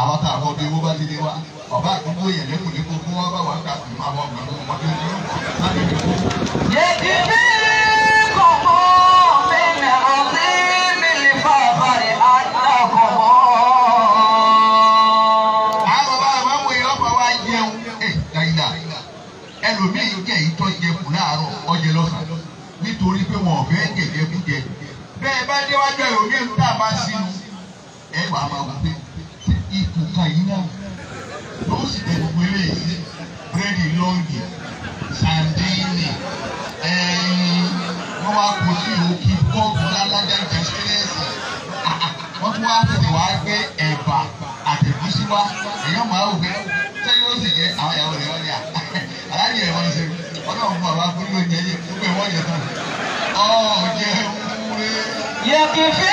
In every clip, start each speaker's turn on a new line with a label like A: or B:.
A: àwọn tá àwọn ọdún owó bá ti dé wá ọba àdúgbò yẹn lẹ́kùn ní kókó wọn bá wà ń kàkùn máa wọ ọgbà fún ọmọdé ní láti fi kó. yèdí mi kọ̀kọ́
B: mi nà ọ̀sẹ̀ mi lè fa
A: àbàrẹ̀ àdàkọ̀mọ́. àwọn bá àwọn ọmọ yẹn ọkọ̀ wa jẹun ẹ̀ eh, dáìdá ẹlòmíì jẹ́ ìtọ́ jẹ kù láàárọ̀ ọjẹ lọ́sàn-án nítorí pé wọn ò fẹ́ gẹ̀gẹ́ kú jẹ bẹ́ẹ̀ bá déwájú ẹlòmíì ń tà bá sínú ẹ̀ wàá máa wù pé ta yìí náà ló sì tẹ gbogbo eléyìí sí búrẹ́dì lọ́ọ̀gì sàndéènì ẹ̀yìn wọ́n wá kó sí òkè bọ́ọ̀bù lálájà ìjàsílẹ̀sì wọ́n tún wá tètè wá gbé ẹ̀bà àtẹ̀gúsí wá èèyàn máa wù pé sẹ́yìn ó sì yẹ àwọn ìyàwó rẹ̀ wọ́n ní à ah, aláàjì ẹ̀ wọ́n ṣe ọlọ́run fún bàbá fún ló jẹ́ yé gbogbo ẹ̀ wọ́n yẹ tán ọ̀ jẹun
B: rẹ̀. yẹ kìí fi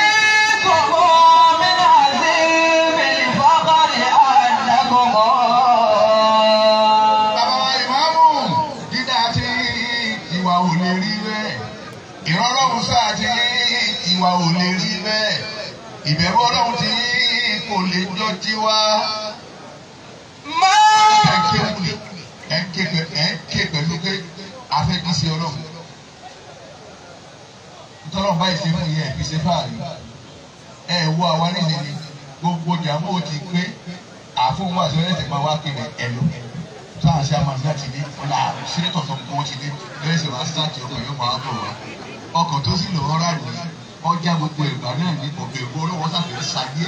A: ìbẹ̀rù ọlọ́run tí kò lè jọ tiwa. ẹ ké wuli ẹ pé a fẹ́ kí ṣe ọlọ́run. ntọ́lọ́run báyìí ṣe fún yẹ ẹ̀ fi ṣe fáàrí. ẹ wo àwa nílẹ̀ ni gbogbo jàmbó ti pé àfọwọ́ àti ọlẹ́sẹ̀ máa wá kéde ẹ̀lú sáà ṣe àmà nígbà ní ọ̀la ṣílẹ̀tọ̀ tó ń kọ́ ti ní lẹ́sẹ̀ wá sáà tí ọkọ̀ yóò máa bọ̀ wá ọkọ̀ tó sì lọ́ọ́ rà nìyí ọjà gbogbo ìgbà náà ní gbogbo ìgbà olówó sàfẹ́ sáyé.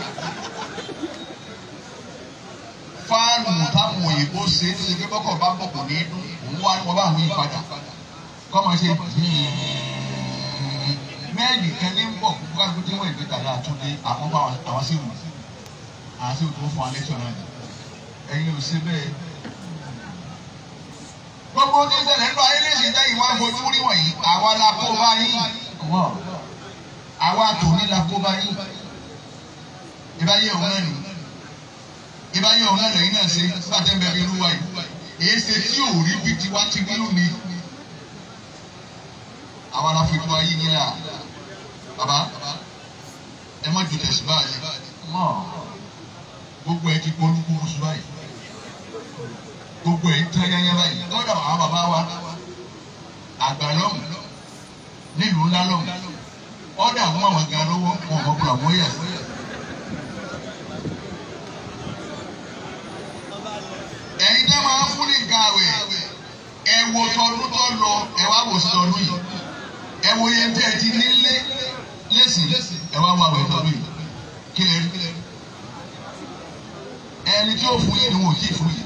A: fáànù táwọn òyìnbó ṣe tó ṣe pé bọ́kọ̀ bá bọ̀ kò ní dún òun wá ní wọn bá àwọn yìí padà kọ́mọ ṣe mẹ́ẹ̀lì kan ní bọ̀ kó kájú tí wọ́n ìgbésà náà tún dé àwọn bá àwọn sí àwọn sí wù tó fún wa náà ni ẹ̀yin ò ṣe bẹ́ẹ̀. gbogbo tí ń ṣẹlẹ̀ nínú ayé lè ṣe jẹ́ ìwà ìfojú wọ̀nyí àwa la kó bá àwa àtòní la kó báyìí ìbáyé ọ̀hún náà nìyí ìbáyé ọ̀hún náà lẹ́yìn náà ṣe nígbà tẹ́ ń bẹ̀rẹ̀ irú wa yìí èyí ṣe tí ò rí bí tiwa ti wí lónìí àwa la fi tó ayé yín là bàbá ẹ má ju tẹ̀sí báyìí gbogbo ẹ ti polúkú oṣù báyìí gbogbo ẹ ń tẹ́ yányá báyìí kọ́dà àwọn bàbá wa àgbà lọ́mù nílùú ńlá lọ́mù ọ̀dà àwọn àwọn gan lọ́wọ́ wọn kọ́ kúrò àwọn yà. ẹ̀yin tẹ́ máa ń fún ní nǹkan àwẹ̀ ẹ wo tọdún tó lọ ẹ wá wò sí tọdún yìí ẹ wo yẹn tẹ́ ẹ ti nílé lẹ́sìn ẹ wá wọ àwẹ̀ tọdún yìí kí ẹni tí ó fún yín ni wọn ò tí ì fún yín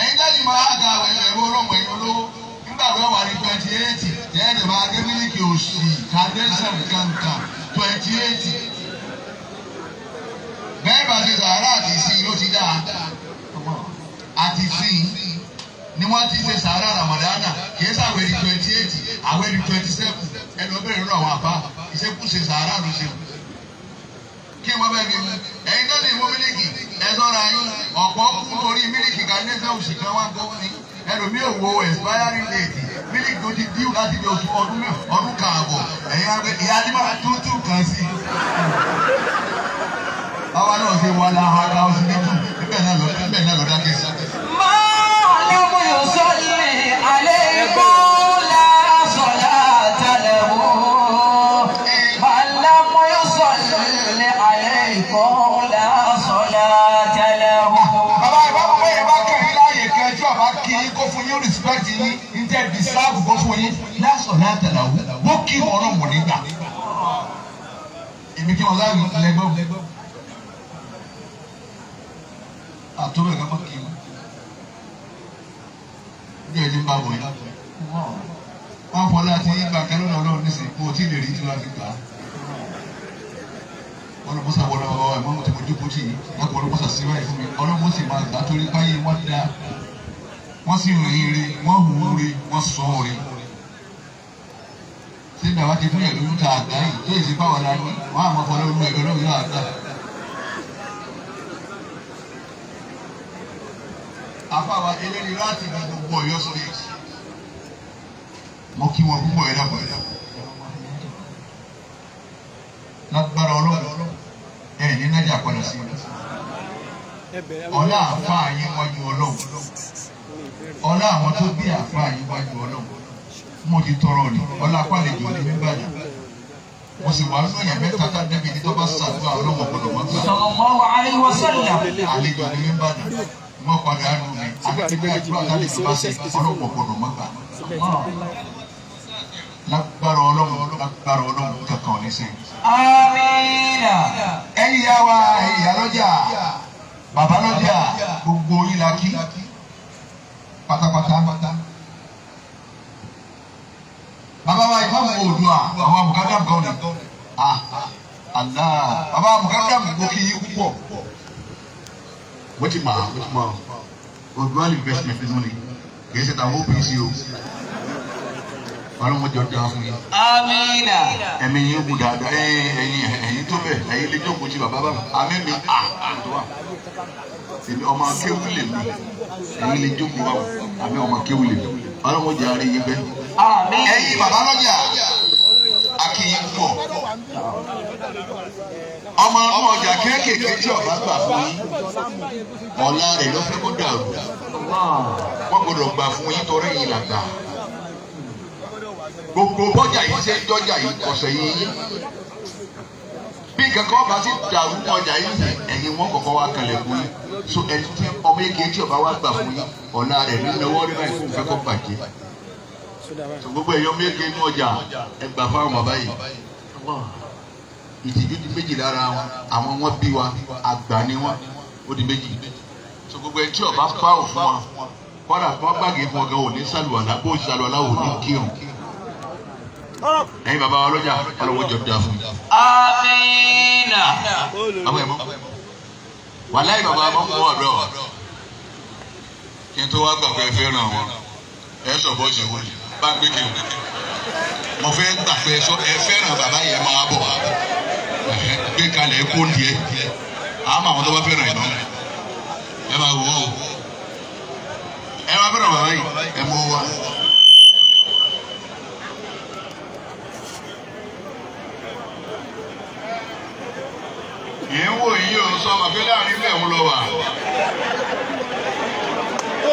A: ẹ̀yin máa ga àwẹ̀ ẹ̀rọ ọlọ́mọ ẹ̀yin olówó nígbà wẹ́wàá 28, eight ẹ̀ẹ́dẹ̀ máa gé mílíkì òsì carnation kankan 28, eight bẹ́ẹ̀ bá ṣe sàárà àti ìsìn ló ti dá àti ìsìn ni wọ́n ti ṣe sàárà ramadana kìí sàwé di twenty eight àwé di twenty seven ẹni wọ́n bẹ̀rẹ̀ lọ́wọ́ àbá ìṣekú ṣe sàárà ló ṣe kí wọ́n bẹ̀ mi mú ẹ̀yin náà lè mú mílíkì ẹ̀ sọ́ra yín ọ̀pọ̀ kú torí mílíkì carnation òsì kan wá gbọ́ ni ẹlòmíì òwò expiring date mílíkì tó ti díù láti di oṣù ọdún ọdún kààbọ̀ ẹ̀yin àgbẹ̀ ìyá adébá tútù kan sí. báwa náà ṣe wà láha ara oṣù níbù níbẹ̀ náà lọ dákẹ́ máa ní ọmọ yóò sọ alẹ́. àbùkọ́ fún yín lásán láti àlàó wọ́n kí ọ̀rọ̀ wọ̀ nígbà èmi kí wọn láàyè lẹ́gbẹ́ àtúbẹ̀ kọ́ kí wọn ní ẹni bá wọ̀ yá wọn fọ láti ìgbà kan lọ́nà ọlọ́run ní sèkú ọtí lè tí wọn fi gbà á ọlọ́mọsà wọlé ọmọ ẹ̀mọ́ tí mo dúpọ̀ tì í wọn kò síwáyé fún mi ọlọ́mọsì máa gbà torí báyìí wọn dáa wọ́n sì rìn rí wọ́n hù ú rí wọ́n sọ ọ́ rí. ṣé bàbá ti fún ẹ̀lú ta àgbá yìí tó èsì báwa la ní wọ́n àmọ́ fọlọ́ lu ẹ̀rọ náà yóò àgbà. àfàwà eléyìí láti gba gbogbo ọ̀yọ́ sórí èsì. mo kí wọn púpọ̀ ẹ̀dá pọ̀ ẹ̀dá pọ̀. lágbára ọlọ́run ẹ̀ ní nájà padà sí ọ̀la àfa yín wájú ọlọ́run ọlá àwọn tó gbé àfa yìí wájú ọlọ́run mo ti tọrọ rè ọlá pàlejò ní nìbàdàn mo sì wà nínú èèyàn mẹ́ta tá débi ní tọ́ba sàdúrà ọlọ́wọ́ gbọdọ̀ wọn gbà. sallallahu alaihi wasallam. àlejò ní nìbàdàn wọn padà nù mí àti pé àdúrà láti fi bá ṣe ọlọ́wọ́ gbọdọ̀ wọn gbà. lágbára ọlọ́run lágbára ọlọ́run kankan ní
B: amiina. ẹ̀yin yá
A: wa ìyá lọ́jà bàbá lọ́jà gbogbo yín pátápátá. bàbá wa ìfọwọ́ mọ Oòduà àwọn abùkádà gọ́ọ̀nì àlá bàbá abùkádà gòkè yìí púpọ̀ wọ́n ti mọ̀ àwọn Oòduà investment money kì í ṣe tàwọn OPC o. ọlọ́run jọ dáa fún yín.
B: amina.
A: ẹ̀mí yín kù dáadáa ẹ̀yin ẹ̀yin ẹ̀yin tó bẹ̀ ẹ̀yin lè jókòó sí bàbá bàbá mi à tó wà èmi ọmọ akéwì lè mi lè ọmọ akéwì ọmọ ọmọ ọjà kéékèèké tí ọba gbà fún yín ọ̀la rẹ̀ lọ́fẹ́ kó dàrú wọ́n gbọ́dọ̀ gbà fún yín torí gbogbo bọ́jà yìí ṣe ń dọ́jà yìí kọ̀sẹ̀ yìí bí kankan bá ti dàrú ọjà yìí ẹ̀yin wọn kọ̀kọ́ wá kalẹ̀ fún yín so ẹni tí ọmọ èké tí ọba wá gbà fún yín ọ̀nà rẹ̀ ní lọ́wọ́ rí báyìí fún fẹ́kọ̀ bàjẹ́ so gbogbo ẹ̀yọ́ ọmọ èké ní ọjà ẹ gbà fáwọn bàbá yìí ìtìjú di méjì lára wọn àwọn wọn bí wa àgbà ni wọn ó di méjì so gbogbo ẹni tí ọba pààrọ̀ fún wa kọ́ra fún ọgbàgé fún ọgá òní sàlùwàlá bó sàlùwàlá òní kírun ẹ̀yin bàbá wa lọ́jà ọlọ́wọ́ jọ da fún mi. amiina. àwọn ẹ̀mọ́ wàláì bàbá wọn mú ọ̀dọ́ kí n tó wá gbàgbé fẹ́ràn wọn ẹ sọ bọ́ ṣe wọlé bá ń gbé kí n mo fẹ́ gbàgbé sọ ẹ fẹ́ràn bàbá yẹn máa bọ̀ wá gbé kalẹ̀ kó díẹ̀ àmọ́ àwọn tó bá fẹ́ràn ìnáwó ẹ máa wọ̀ ọ́ ẹ máa fẹ́ràn bàbá yìí ẹ mú wa. yìí ń wò yìí òun sọ màfẹ́ láàrin ilẹ̀ òun lọ wà.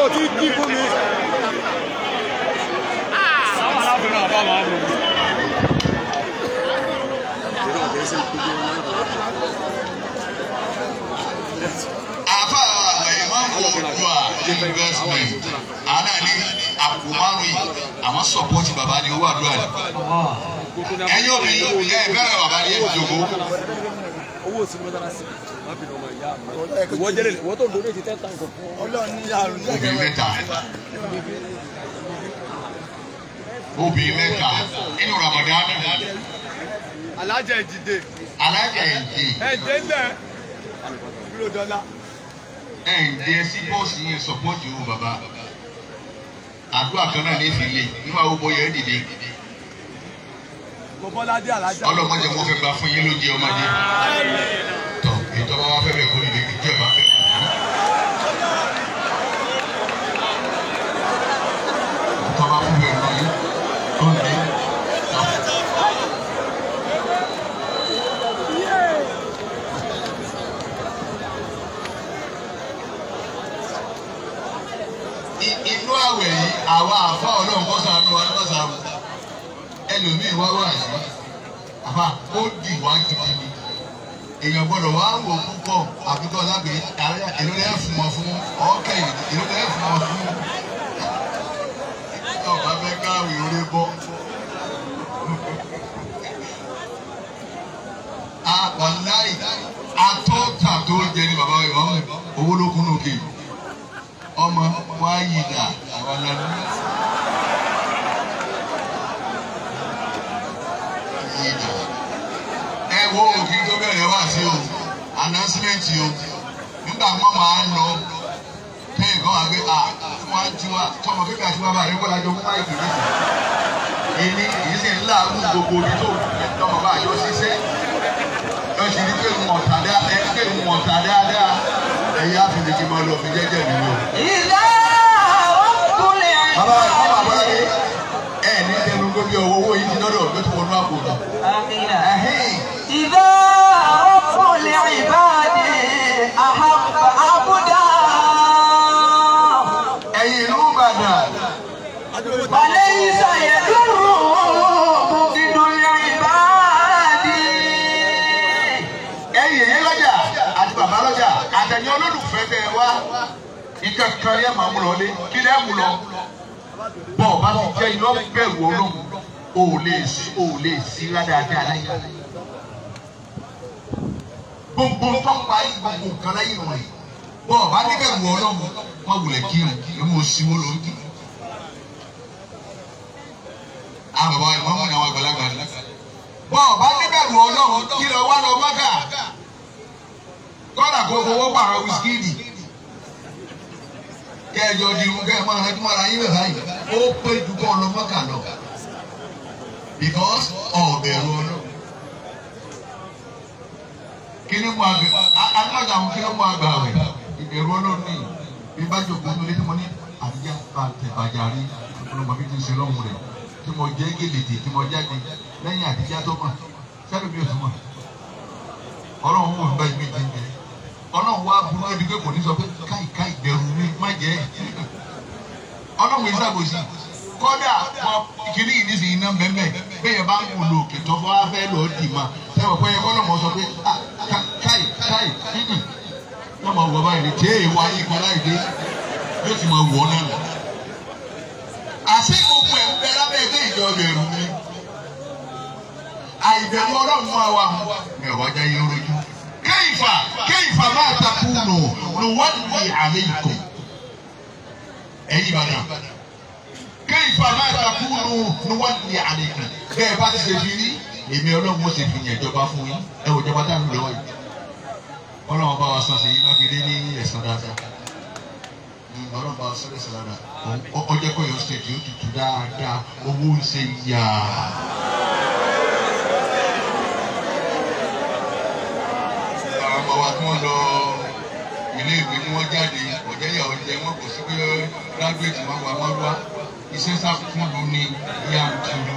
A: ó ti dín fún mi. sáwọn aláàfin náà bá máa bò. àfa ìmọ̀kù òdua investment àná ní àpò márùn-ún àwọn sọ̀pọ̀tì bàbá ni owó àdúrà ni ẹ̀yin òbí ẹ̀ bẹ̀rẹ̀ bàbá ni ẹ̀ fi jòkó wò sí mọ́tàlásì má bínú ọmọ ìyá mi ìwọ jẹ́lẹ̀ ìwọ tó ń dorí ètí tẹ́tà nǹkan fún ọ. ọlọ́run ní àrùn jẹ́gẹ́ mẹ́ta obì mẹ́ta nínú Ramadan. alájà ìjìde. alájà ìjì. ẹ̀jẹ̀ ń bẹ̀ dúró dọ́là. ẹ̀jẹ̀ sí bọ́ọ̀sì yẹn sọ̀pọ̀tì o bàbá àdúrà kan náà ní ìfìlẹ̀ nígbà wo bọ́ yẹn dìde bọ́ládé alájà. ọlọ́mọdé wọn fẹ́ bá fún yín ló jẹ ọmọdé tọ ìjọba wa fẹ́ bẹ̀ kó lè jẹ bá fẹ́. tọ́ba fún bẹ̀rù lọ́yún tó ń lé. inú àwẹ̀ yìí àwa àfa ọlọ́run kọ́sánú wa kọ́sánú ẹlòmíì wá wà àyàbá àbá ó dì wá gidi ni èèyàn gbọ́dọ̀ wá wò púpọ̀ àbíkọ́ lábẹ́ èlò lẹ́yìn fún wọn fún ọ̀ọ́kẹ́ èlò lẹ́yìn fún wọn fún ọ̀bá fẹ́ káwé orí bọ́. wàláì atọ́ta tó jẹ ní bàbá ìbọn owó ló kún ọmọ wáyìí dà àwọn wo òbí tó bẹ̀rẹ̀ wá sí o announcement o nígbà mọ́ máa ń lọ bẹ́ẹ̀ gan wà pé wọ́n á ju wa tọmọ pé kàtí bàbá rẹ kọ́lá jọ fún àìkú níta èmi kì sì ń láàbù gbogbo omi tó tọmọ bá yóò ṣiṣẹ́ lọ́sì ní pé mọ̀ tà dáadáa ẹ pé mọ̀ tà dáadáa ẹ̀yà àfìlẹ̀kì máa lọ fi jẹ́jẹ́ mi lọ. ìlà ọkùnrin ẹ̀. ẹ̀ ní tẹnu gbogbo owó yìí ti dọ́dọ̀ ló ti wọnú àpò náà. إذا أردت لعبادي
B: أحب عبدا أي ربدا فليس يدر مفسد العباد
A: ẹ̀yin yín lọ́jà àti bàbá lọ́jà àtẹ̀yìn olólùfẹ́ tẹ̀ wá ìkankan yẹn máa mú lọ lé bá ti jẹ́ iná bẹ̀rù ọlọ́run ò lè sí ò lè gbogbo tọ́pa yìí gbogbo nǹkan láyé wọ̀nyí wọn ọba níbẹ̀ wọ ọlọ́mọ wọn wulẹ̀ kí o èmi ò sí wọn lórí. àwọn bàbá ìmọ̀ wọn ni àwọn àgbàlagbà ni wọn ọba níbẹ̀ wọ ọlọ́mọ kí lọ wá lọ mọ́gà kọ́dà kó fowó pààrọ̀ wíṣíkìdì kẹjọ di irun kẹjọ máa hẹjú mọ́ra yín bẹ̀rẹ̀ ó pé ju kọ́ ọlọ́mọ́kà lọ because ọ̀bẹ̀rù ọlọ́mọ. Kini mu àgbẹ̀ alága àwọn kini mu àgbà rẹ̀ ìbẹ̀rù ọlọ́run ní bíbá jòkó nílé tí mo ní àdíjà bá tẹ̀bàjà rí ọlọ́mọ mi ti ń ṣe lọ́hùn rẹ̀ tí mo jẹ́ gèlèdè tí mo jáde lẹ́yìn àdíjà tó mà sẹ́nu mi ò tún mà ọlọ́run wò nígbà yìí méjì mi ọlọ́run wá burú ẹbí pé kò ní sọ pé káì káì bẹ̀rù mi má jẹ́ ọlọ́run yìí ṣàbòsí kọ́dà ìkíní yìí ní sìn iná mẹ́mẹ́ bẹ́ẹ̀ bá ń wò lò kìtọ́ fọ́ ẹ wọ pé ẹgbẹ́ ọlọ́mọ sọ pé káì ah, káì yóò máa wọ báyìí tí èyí wá yí padà ìdí yóò ti máa wọ náà. àṣé gbogbo ẹ̀ ń bẹ lábẹ́ ẹgbẹ́ ìjọba ẹ̀rù mi àìbẹ̀wò ọlọ́run máa wà mú ẹ̀ wá jẹ́ yẹn rojú. kéyìfà kéyìfà máa takú nù nù wọ́n ní àmì ìkọ̀ ẹ̀yìn bàdàn kéyìfà máa takú nù nù wọ́n ní àmì ìkọ̀ bẹ́ẹ̀ bá ti ṣe fi rí èmi ọlọ́run ó sì fi yẹn ìjọba fún yín ẹ wò ìjọba dáàbò lọ́wọ́ yìí ọlọ́run bá wa san sí yín mákindé ní ẹ̀sán dáadáa ọlọ́run bá wa san ẹ̀sán dáadáa ọjọ́ kọ́ yọ stéèjì ó tutù dáadáa owó ń ṣe yá. àwọn ọmọ wa tí wọ́n lọ ilé ìwé ni wọ́n jáde ọ̀jẹ̀ ìyàwó ilé wọn kò sí pé rágbèjì wọn wà wọ́n wá iṣẹ́ sáfún fún mi ní ìyá àtúntò.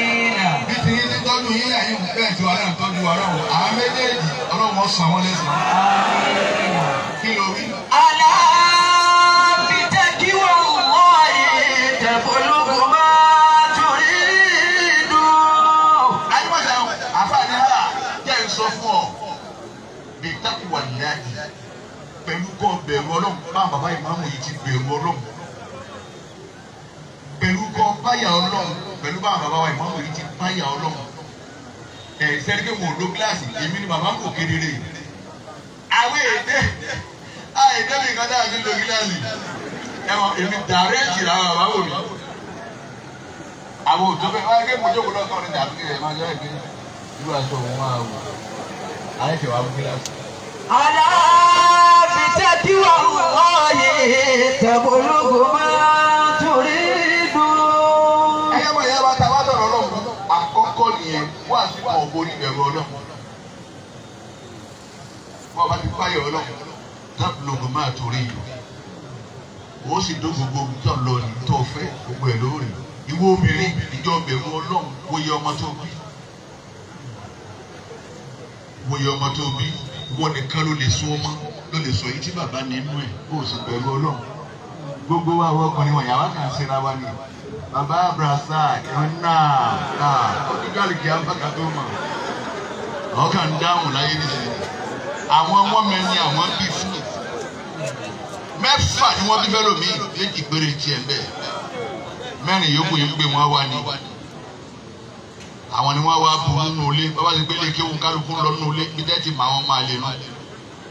A: yín lẹ́yìn bẹ́ẹ̀ tí wàá náà tọ́jú wa náà àwọn méjèèjì ọlọ́wọ́ sàn wọ́n lẹ́sìn. kí ló wí. pẹ̀lú kọ́ bẹ̀rù ọlọ́run bá bàbá ìmáàmù yìí ti bẹ̀rù ọlọ́run pẹ̀lú kọ́ báyà ọlọ́run pẹ̀lú bá bàbá ìmáàmù yìí ti báyà ọlọ́run ẹ sẹ́ríkẹ́ wọn ò èmi ni màmá kò kedere àwọn èdè àìdè mi kan dáhà sí lo gíláàsì ẹmọ èmi dàrẹ́ẹ̀tì làwọn bàbá wò mí àwọn òjò bẹ wáyé kí mojú kò lọ́kàn ní dàbí kí ẹ máa jẹ́ ẹ̀gbẹ́ irú aṣọ òun máa wò àyè ṣe wàá mú gíláàsì.
B: aláàfin tẹ́tí wà wọ́ọ̀yì
A: tẹ̀bọ̀lógún mọ́. ní ìbẹ̀rù ọlọ́run bọ́ọ̀ bá ti páyọ̀ ọlọ́run tábìlógún máa torí yìí ó sì dó gbogbo tó lọ ní tó fẹ́ gbogbo ẹ̀ lóore ìwọ obìnrin ìjọ bẹ̀rù ọlọ́run wo yẹ ọmọ tó bí wo yẹ ọmọ tó bí wọ́n nìkan ló lè sún ọmọ ló lè sọ yìí tí bàbá nínú ẹ̀ ó sì bẹ̀rù ọlọ́run gbogbo wa wọ́n wọ̀nyí àwa kàn ń sinra wa nìyẹn bàbá abrasa ẹ̀ńnà ta ọdúnkàlùkì àbàkà tó mọ̀ ọkàn dáhùn láyé nìyí àwọn ọmọ mẹ́rin àwọn bí fún mẹ́fà ni wọ́n bí fẹ́ lómi méjì péré tiẹ̀ ń bẹ̀ mẹ́rin yòókù yìí ń gbé wọn wá ní àwọn ni wọ́n wá burú nù ilé bàbá ti gbélé kéwù kálukú lọ nù ilé bí tẹ́tì máa wọn máa lè nù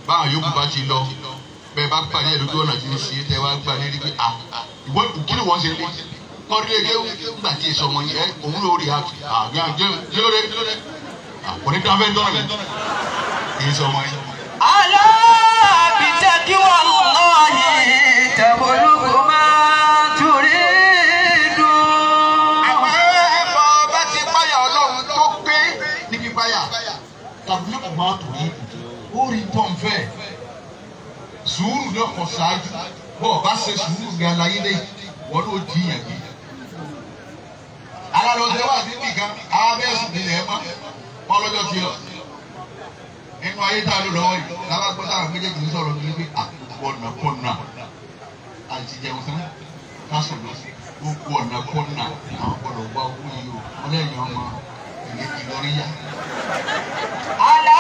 A: báwọn yòókù bá ti lọ bẹ́ẹ̀ bá pàdé ẹ̀ lójú ọ̀nà tí ń ṣe é tẹ́ wá gbà ní rí pé ìwọ ìkíni wọ́n ṣe lé lọ́dẹ́gẹ́ nígbà tí èso ọmọ yẹn òun ló rí àfi àgbà jẹ́rẹ́ àpòní dáfẹ́ dọ́rin èso ọmọ yẹn.
B: aláàbí jẹ́ kí wọ́n lọ yìí tẹ̀wọ́lùkù máa torí dùn. àwọn ẹ̀fọ́
A: bá ti báyà ọlọ́run tó gbé níbi báyà tàbí ọgbọ́n àtòrí ó rí tọ́ǹfẹ́ sùúrù náà ṣáájú bọ́ọ̀ bá ṣe sùúrù ní alayé lẹ́yìn wọ́n ló jiyàn yìí ara lọ tẹ wá sí nìkan ara bẹ́ẹ̀ sì nílẹ̀ ẹ̀ mọ́ wọn lọ́jọ́ ti lọ. nínú ayé tá a lò lọ́wọ́ yìí lábàgbọ́ táwọn méjèèjì ń sọ̀rọ̀ nílé pé ah, ọ̀nà kọ̀nà àti jẹun sán lásán lọ sí gbogbo ọ̀nà kọ̀nà àwọn gbọ́dọ̀ wá owó yìí o wọn lẹ́yìn ọmọ ìlé ìlọrí yá. àlá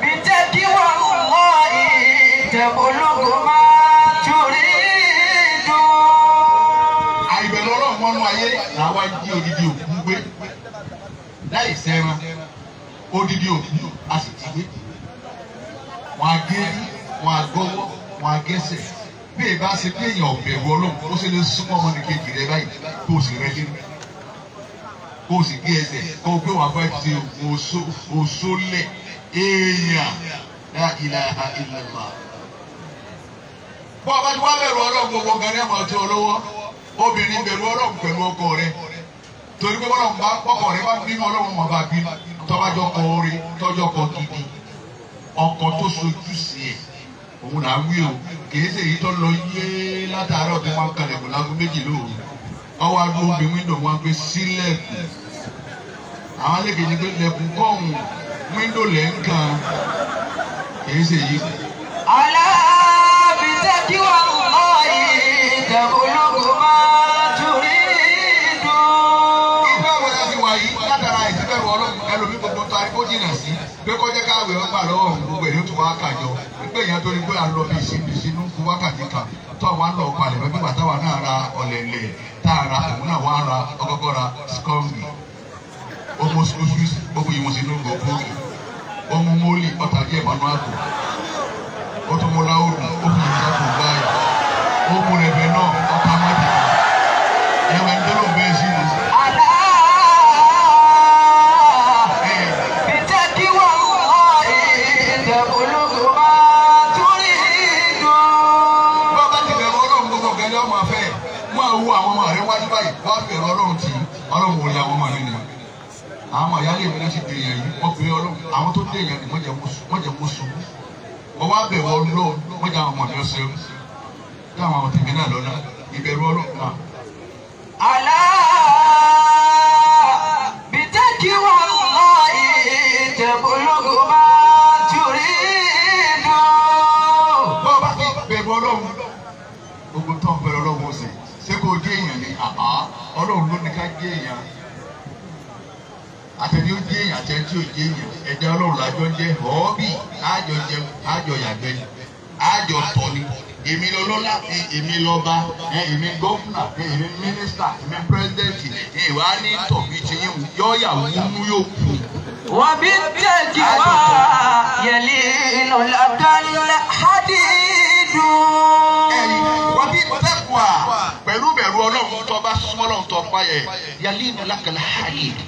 B: mi jẹ́ kí wọ́n mọ ìtẹ̀kọ́
A: odidi òkú gbé láì sẹ́ran odidi òkú a sì ti gbé wọn a gé wọn a gọ́wọ́ wọn a gẹ́sẹ̀ bí èyí bá ṣe pé èèyàn ọ̀bẹ̀rù ọlọ́run ó ṣe lè súnmọ́ ọmọnìkejì rẹ báyìí kó o sì rẹ lé kó o sì gé ẹsẹ̀ kó o gbé wọn bá ti oṣó lẹ̀ èèyàn dá ilaha illallah bọ́ ọba tí wọ́n bẹ̀rù ọlọ́run gbogbo gan ni ẹ̀ máa tẹ ọ lọ́wọ́ obìnrin bẹ̀rù ọlọ́run pẹ̀lú ọkọ rẹ torí pé bọ́lá ń bá pọ́kọ̀ rẹ bá bínú ọlọ́run wọn bá tọ́bajọ́ kọ orí tọ́jọ́ kọ gidi ọkọ tó sojú sí ẹ̀ òun là ń wí o kìí ṣe èyí tó lọ yé látàárọ̀ tó máa ń kalẹ̀ kù lágún méjì lóru ọwọ́ adó omi wíńdò wọn gbé sílẹ̀kùn àwọn alẹ́kẹ̀ẹ́ ni pé lẹ́kùn kọ́hún wíńdò lẹ́ńkan kìí ṣe èyí.
B: ọ̀la bìtẹ́ kí wọ́n.
A: pé kọjá káwé ọgbà lọ́wọ́ òun gbogbo èdè tó wá kàjọ nígbà èèyàn tó ní pé à ń lọ bí ìsinmi sínú fún wákàtí kan tó àwọn àlọ́ palẹ̀ lọ́jọ́ bàtà wà náà ra ọ̀lẹ̀lẹ̀ tá a ra òun náà wà á ra ọgọ́gọ́ ra skọ́ngì ọmọ àyálé mi láti dè èèyàn yìí wọ́n bẹ̀rẹ̀ ọlọ́run àwọn tó dé èèyàn ni wọ́n jẹ́ mú wọ́n wá bẹ̀rẹ̀ ọlọ́run wọ́n jẹ́ àwọn ọmọ ọ̀sẹ̀ ọ̀hún kí àwọn ọmọ tèmi náà lọ́nà ìbẹ̀rù ọlọ́run náà.
B: àlá bìtẹ́kì wọn lọ ìjẹ̀bùlógún
A: máa jùrí
B: lọ. bọ́ bá ti
A: bẹ̀rù ọlọ́run gbogbo tó bẹ̀rù ọlọ́run ó ṣé kò dé èèyàn ni àbá ọlọ́run ló ní ká dé èèyàn tí ò jẹ́ èèyàn ẹ̀dá ọlọ́run lájọ ń jẹ́ họ́ọ́bì àjọ jẹun àjọ yàgbẹ́ ni àjọ tọ̀ ni èmi lọ́lọ́lá èmi lọ́ba èmi gọ́fúnà èmi mínísítà èmi pírẹ́sidẹ́ǹtì ìwà ní tọ̀bí ti yín yọ́ọ̀yà wúnú yóò kú. wọ́n bí tẹ̀jì wá yẹ̀lí ìlọ̀lọ́dọ́lẹ̀ hádìdù. wọ́n bí tẹ̀kùà pẹ̀lú bẹ̀rù ọlọ́run tó bá súnmọ́ ọlọ́run tó pa yẹ yẹ̀lí ìlọ̀lọ́kẹ̀lẹ̀ hádìdù.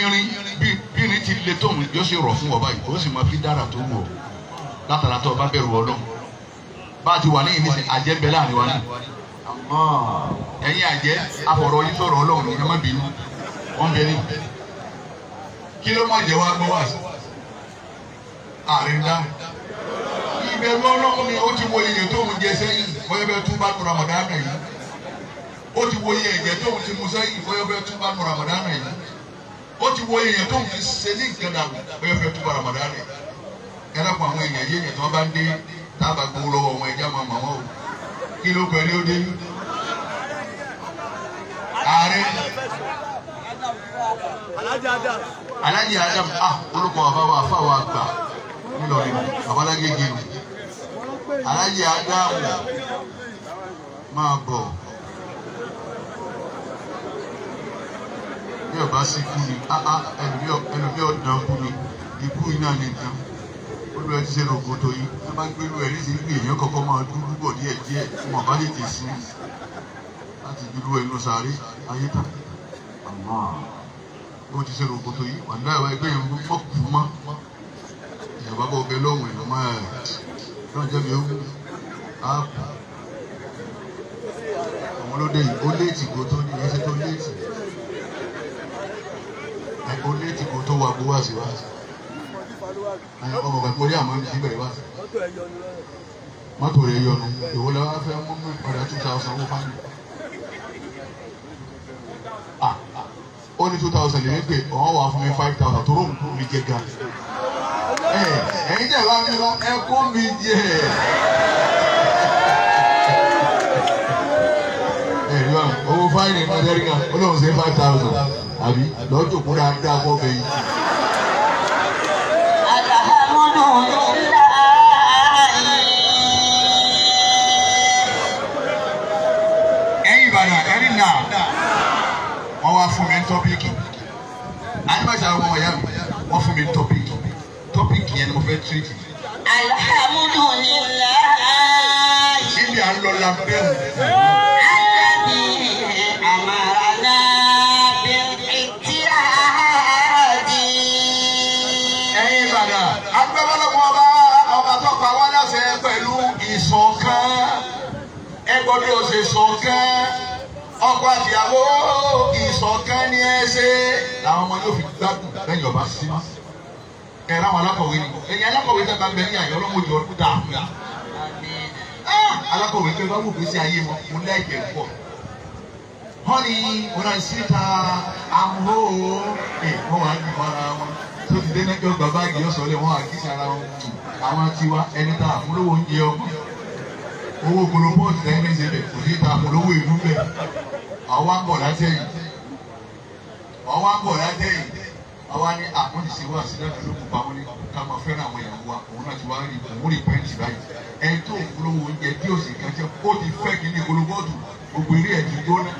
A: irin bíi bí ni ti le tóun yóò sì rọ̀ fún ọba yìí ó sì máa fi dára tó wù ọ́ látara tó ọba bẹ̀rù ọlọ́run bá a ti wà níyìí nísìnyí àjẹ́ ń láàrin wa náà ẹ̀yin àjẹ́ afọ̀rọ̀ yín sọ̀rọ̀ ọlọ́run ẹ má bínú wọ́n bẹ kí ló má jẹ́ wá gbọ́ wá sí àrídá ìbẹ̀rù ọlọ́run ni ó ti wo iye tóun jẹ sẹ́yìn bóyá bẹ́ẹ̀ tún bá Ramadan yìí ó ti wo iye ẹ̀jẹ̀ tóun ti mu sẹ́yìn bóyá bẹ́ẹ̀ tún bá Ramadan yìí ó ti wo èèyàn tó ń ṣe ní ìkẹdà bẹ́ẹ̀ fẹ́ kú baramada rẹ̀ ẹlẹ́kùn àwọn èèyàn yé èèyàn tí wọ́n bá ń dé tábà gbowó lọ́wọ́ wọn ẹja máa mọ̀ wọ́n o kí ló pẹ̀lú ó dé ààrẹ alájì adam ah orúkọ àfáwà àfáwà àgbà ńlọrin àbálágége alájì adam máa bọ̀. bí ọba sì kú ni ẹlòmí ọ̀dàn kú ni ikú iná ni nǹkan olú ẹ ti ṣe rògbò tó ẹ bá gbé irú ẹ ní ìlú èèyàn kọ́kọ́ máa dúró bọ̀ díẹ̀ díẹ̀ fún ọba tètè sí láti dúró ẹnu sàárè ayé tà ó ti ṣe rògbò tó yí wàdúrà ìwà ẹgbẹ́ yẹn mọ́ kú mọ́ ìyàbá bọ̀ ọbẹ̀ lọ́hùn ẹ̀ lọ́mọ ẹ̀ náà jẹ́bi ó á àwọn olóde yìí ó léètì kó tó ní ẹsẹ̀ tó léètì àgbo ní ti kò tó wa kó wá sí wá sí ọmọ kan mo rí àmọ́ ní síbẹ̀rẹ̀ wá sí mọ́tò rẹ̀ yọnu ìwọ lọ́wọ́ fẹ́ mú mú padà two thousand owó fáwọn ó ní two thousand lè ní pé ọ̀hún wà fún mi five thousand tó ròhùn kúrò mi jẹ gan ẹ ẹ̀yin jẹ́ bá mi lọ ẹ kó mi jẹ ẹ̀ wa owó fáìlì ní ọjọ́ rí kan ó lóun ṣe five thousand àbí lọ́jọ́ kó dáadáa kọ́ fẹ̀yìn tì. àtàhámọ́nù ló ń dá ààyè. ẹ̀yin Ìbàdàn ẹni náà wọ́n wá fún mi ní tọ́píìkì àdìbàjá ọmọ ọ̀yá mi wọ́n fún mi ní tọ́píìkì tọ́píìkì yẹn ni mo fẹ́ tírìtì.
B: alhamdulilayi.
A: níbi à ń lọ lambẹ́wò. gbọ́ bí o ṣe sọ̀kẹ́ ọkọ ìsọ̀kẹ́ ni ẹ làwọn ọmọ yóò fi gbádùn lẹ́yìn ọba sí ma ẹ̀rọ àwọn alákọ̀wé ni ẹ̀yìn alákọ̀wé tẹ̀ bá ń ní àyọ̀ ọlọ́mọ òjò ọdún dáa fún yà ah! alákọ̀wé tẹ̀ bá wù gbèsè ayé wọn mo lẹ́ẹ̀kẹ́ pọ̀ honey when I see her I'm home ẹ̀ eh, wọ́n wá ní mara wọn tó ti dé nẹ́jọ́ gbàgbá ìgbìyànjú sọ̀rọ̀ wọn àkíyèsí ara wọn àwọn tiwa ẹni tá àmúlòwò ń jẹ owó gbólóbó tẹ méje rẹ kò ní ta polówó ìlú bẹ àwa ń bọ̀ látẹ̀ yìí àwa ń bọ̀ látẹ̀ yìí àwa ní àkúndìsí wa sí láti ló kó pamọ́ ní ká máa fẹ́ràn àwọn ìyàwó wa òun náà ti wá rí òun rí pẹ́ǹtì báyìí ẹni tó ń polówó oúnjẹ tí òsì kan jẹ́ ó ti fẹ́ kí ní gbólóbó tù gbogbo eré ẹ̀ ti gbóná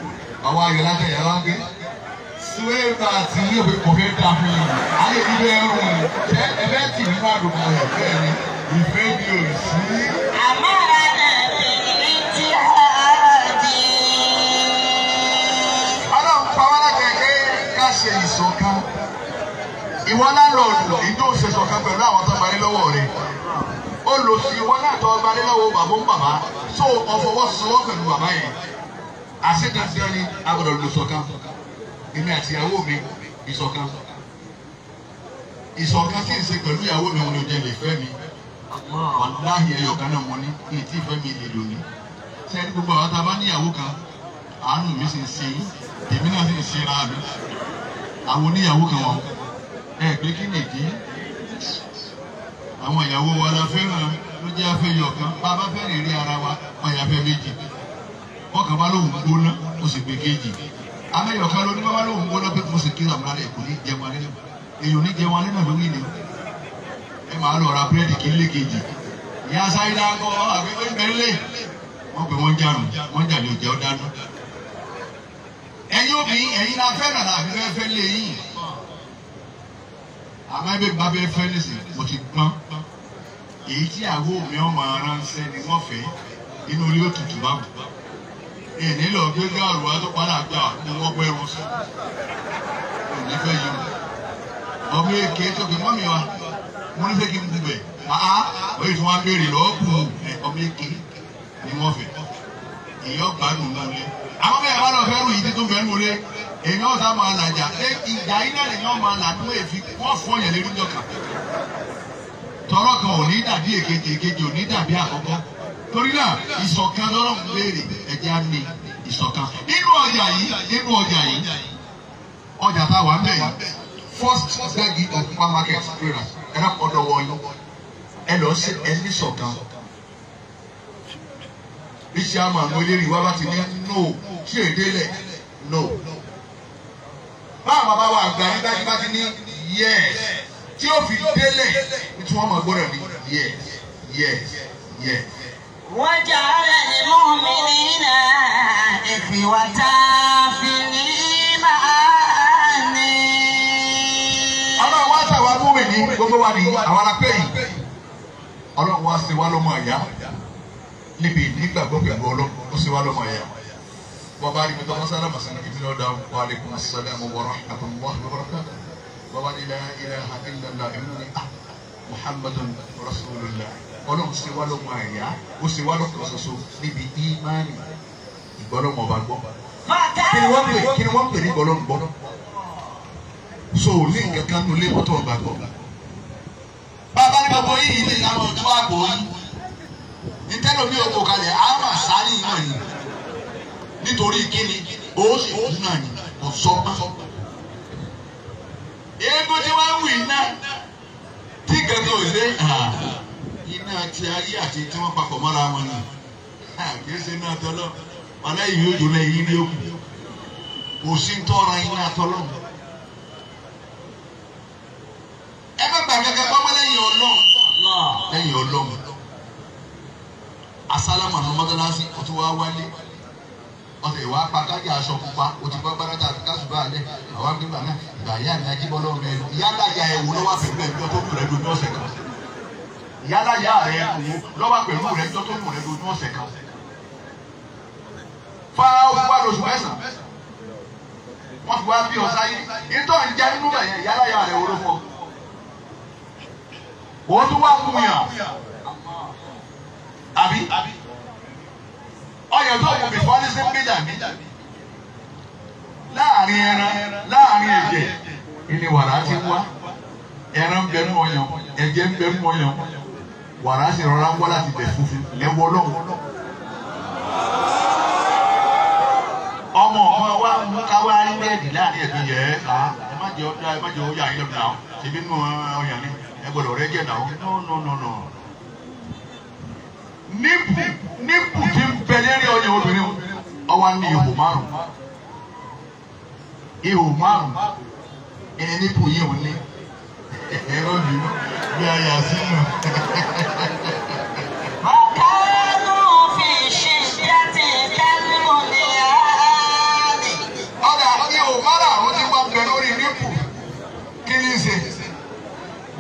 A: àwa ayọ̀ látẹ̀ yà wá gé suwéèbà àti ilé òfin kò fẹ́ dà fún yìí ayé ìlú ẹrù ẹ̀ ẹ̀ bẹ́ẹ̀ tì ní má ìwọ lálọ́ọ̀dù yìí tó ṣe ṣọ̀kan pẹ̀lú àwọn tó gbarí lọ́wọ́ rẹ̀ olùsí ìwọ náà tó gbarí lọ́wọ́ bàbá ń bàbá tó ọfọwọ́sowọ́ pẹ̀lú bàbá yẹn àṣetàṣe ni agbọ̀dọ̀ lò ṣọ̀kan èmi àti ìyàwó mi ìṣọ̀kan ìṣọ̀kan tí ń ṣe pẹ̀lú ìyàwó mi òun ló jẹ́ lè fẹ́ mi wàláhì ẹ̀yọ̀kan náà mo ní ní ìfẹ́ mi lè lò ní sẹ́ni gbogbo àwọn tá a bá níyàwó kan àánú mi sì ń ṣe èmi náà sì ń ṣe ra mi àwọn oníyàwó kan wọn ẹ pé kí nìdí àwọn ìyàwó wa la fẹ́ràn ló jẹ́ afẹ́yọ̀ kan bá a bá fẹ́ rèé rí ara wa wọ́n yà fẹ́ méjì wọ́n kàn bá lóun gbóná ó sì gbé kéjì amẹ́yọ̀ kan ló ní bá bá lóun gbóná pé mo sì kí làmúlá rẹ̀ kò ní jẹun alẹ́ náà èèyàn ní jẹun alẹ́ náà lórí ni ẹ máa lọ ra búrẹ́dì kí n lé kéjì ìyá sáyidá kọ́ àgbẹ̀gbẹ̀ ń bẹ̀rẹ̀ lé wọ́n pè wọ́n jarun wọ́n jà lè jẹ́ ọ́ dáná ẹ̀yin àmọ́ ẹbí bá bẹ́ẹ̀ fẹ́ nìsín mo ti gbọ́n èyí tí àwo mi ọmọ aránṣẹ́ ni wọ́n fẹ́ inú ilé òtútù bá wù èyí lọ gbé gáàrú wa tó padà gbà ní wọ́n gbé wọn sọ òní fẹ́ yí wọn ọmọ èké tó fi mọ́ mi wa mo ní fẹ́ kí n bú bẹ̀ àá òye tí wọ́n á béèrè lọ́ọ́ kù ọmọ èké ni wọ́n fẹ́ èyí ó gbádùn lọlé àwọn bẹ́ẹ̀ wọn lọ fẹ́ rú ìdí tó fẹ́ rú lé èyí ó máa làjà pé ìjà iná lè yọ máa làdú èfi wọn fọ yẹn lérí jọkà tọrọ kan ò ní dàbí èkejì èkejì ò ní dàbí àkọ́kọ́ torí náà ìṣọ̀kan lọ́rùn léèrè ẹ̀jẹ̀ á ní ìṣọ̀kan nínú ọjà yìí nínú ọjà yìí ọjà tá a wà ń bẹ̀ yìí first bag of supermarket rẹ̀ ẹ̀rọ ọ̀dọ̀ wọ̀nyí ẹ lọ sí ẹni ṣọ̀kan bí chairman àwọn eléré wa bá ti ní no ṣé ìdélẹ̀ no. báwọn bàbá wa àgbà yín bá ní yes tí ó fi délẹ̀ tí wọ́n máa gbọ́dọ̀ ní yes yes yes. wọ́n
B: jà á rẹ̀ ní mú mi nínú
A: ìfìwàtà
B: fi ní máa ní. ọlọ́run wá sàwọn abúwé ní gbogbo
A: wa ní àwọn alápẹ́ ọlọ́run wá sí wa lọ́mọ ìyá níbi ìdígbàgbọ́ pẹ̀lú ọlọ́pàá ó sì wá lọ́mọ ẹ̀yà wọ́n bá rí mi tọ́kọ́ sára màsán ní ìdílé ọ̀dà wa alaikum assalamu wa rahmatullahi wa barakatuh bàbá ní la ilaha illallah ìlú ni ah muhammadun rasulullah ọlọ́run sì wá lọ́mọ ẹ̀yà ó sì wá lọ́kọ̀ ṣoṣo níbi ìmánì ìgbọ́lọ́mọ bá ni wọ́n pè so ní nǹkan kan nulẹ̀ mọ́tò ọ̀gbàgbọ́ bàbá ní gbogbo ẹlòmí ọkọ̀ kalẹ̀ á mà sáré iná ni nítorí kíni ó sì kú náà ni kò sọ́gbọ́n. eégún tí wọ́n wù iná tí gàgà ò lé iná ti ayé àti tí wọ́n papọ̀ mọ́ra wọn ni kì í ṣe iná tọ́lọ́ wàlá ìwé òjò lẹ́yìn ilé òkú kò sí ń tọ́ra iná tọ́lọ́. ẹ bá gbàgbé kẹ́kọ́ lẹ́yìn ọlọ́run lẹ́yìn ọlọ́run asálàmù àná mọ́tàlásì ó wá wálé ọ̀sẹ̀ ìwà pàtàkì aṣọ pupa ó ti gbọ́ gbáradà kásùbà alẹ́ àwọn akéwà náà ìgbà yá mi ají bọ́lọ́ mi ẹnu yálà ya lọ́wọ́ pẹ̀lú ẹ̀jọ́ tó kù rẹ̀ lójú ọ̀sẹ̀ kan yálà ya rẹ̀ lọ́wọ́ pẹ̀lú ẹ̀jọ́ tó kù rẹ̀ lójú ọ̀sẹ̀ kan fáwọn wà lóṣù mẹ́sàn wọ́n fi wá bí ọ̀sá yìí ìtọ́ ń jẹ́ nínú ẹ̀yẹ yálà ya rẹ̀ wọ́n àbí ọyàn tó kù bìfọ́ ní sí méjàbí láàrin ẹran láàrin ẹ̀jẹ̀ ilé wàrà ti wá ẹran bẹ nù ọyàn ẹ̀jẹ̀ bẹ nù ọyàn wàrà sì rọra ń wá láti bẹ̀ funfun lẹ́wọ́ lọ́wọ́. ọmọ ọmọ wa mú káwá rí bẹ́ẹ̀dì láàrin ẹ̀bí yẹ ẹ́ ká ẹ má jẹ́ ọ́ yà yín lọ́dún náà ṣèbí nù ọyàn ni ẹ gbọ́dọ̀ rẹ́ jẹ́ náà. no no no no nípù nípù tí ń bẹ lérí ọyàn obìnrin ọwọ́ ní ihò márùn ihò márùn ẹni nípù yìí ò ní ẹ̀rọ bìí bí a yà sínú.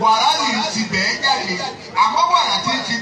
A: wàrà yìí ti bẹ̀ẹ́ jáde àmọ́ wàrà ti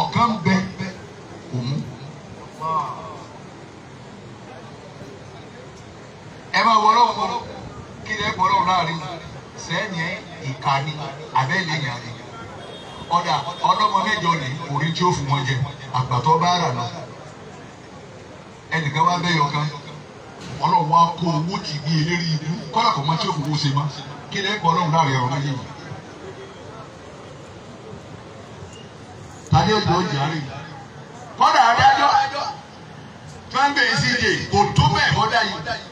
A: ọ̀gá bẹ kò mú. ẹ máa wọ ọlọ́wọ́ kí lè láàrin sẹ́yìn ìkànnì abẹ́lẹ̀ yẹn ọ̀dà ọlọ́mọ mẹ́jọ ni orí tí ó fún wọn jẹ àgbàtọ́ bá rà ẹnìkan wá kan kó owó tì bí kọ́lá kò tí kí lè náà tàbí ètò ọjà rìn kọ́dà adájọ́ tí wọ́n ń bèrè sí ìdè kò tó bẹ́ẹ̀ kọ́dà yìí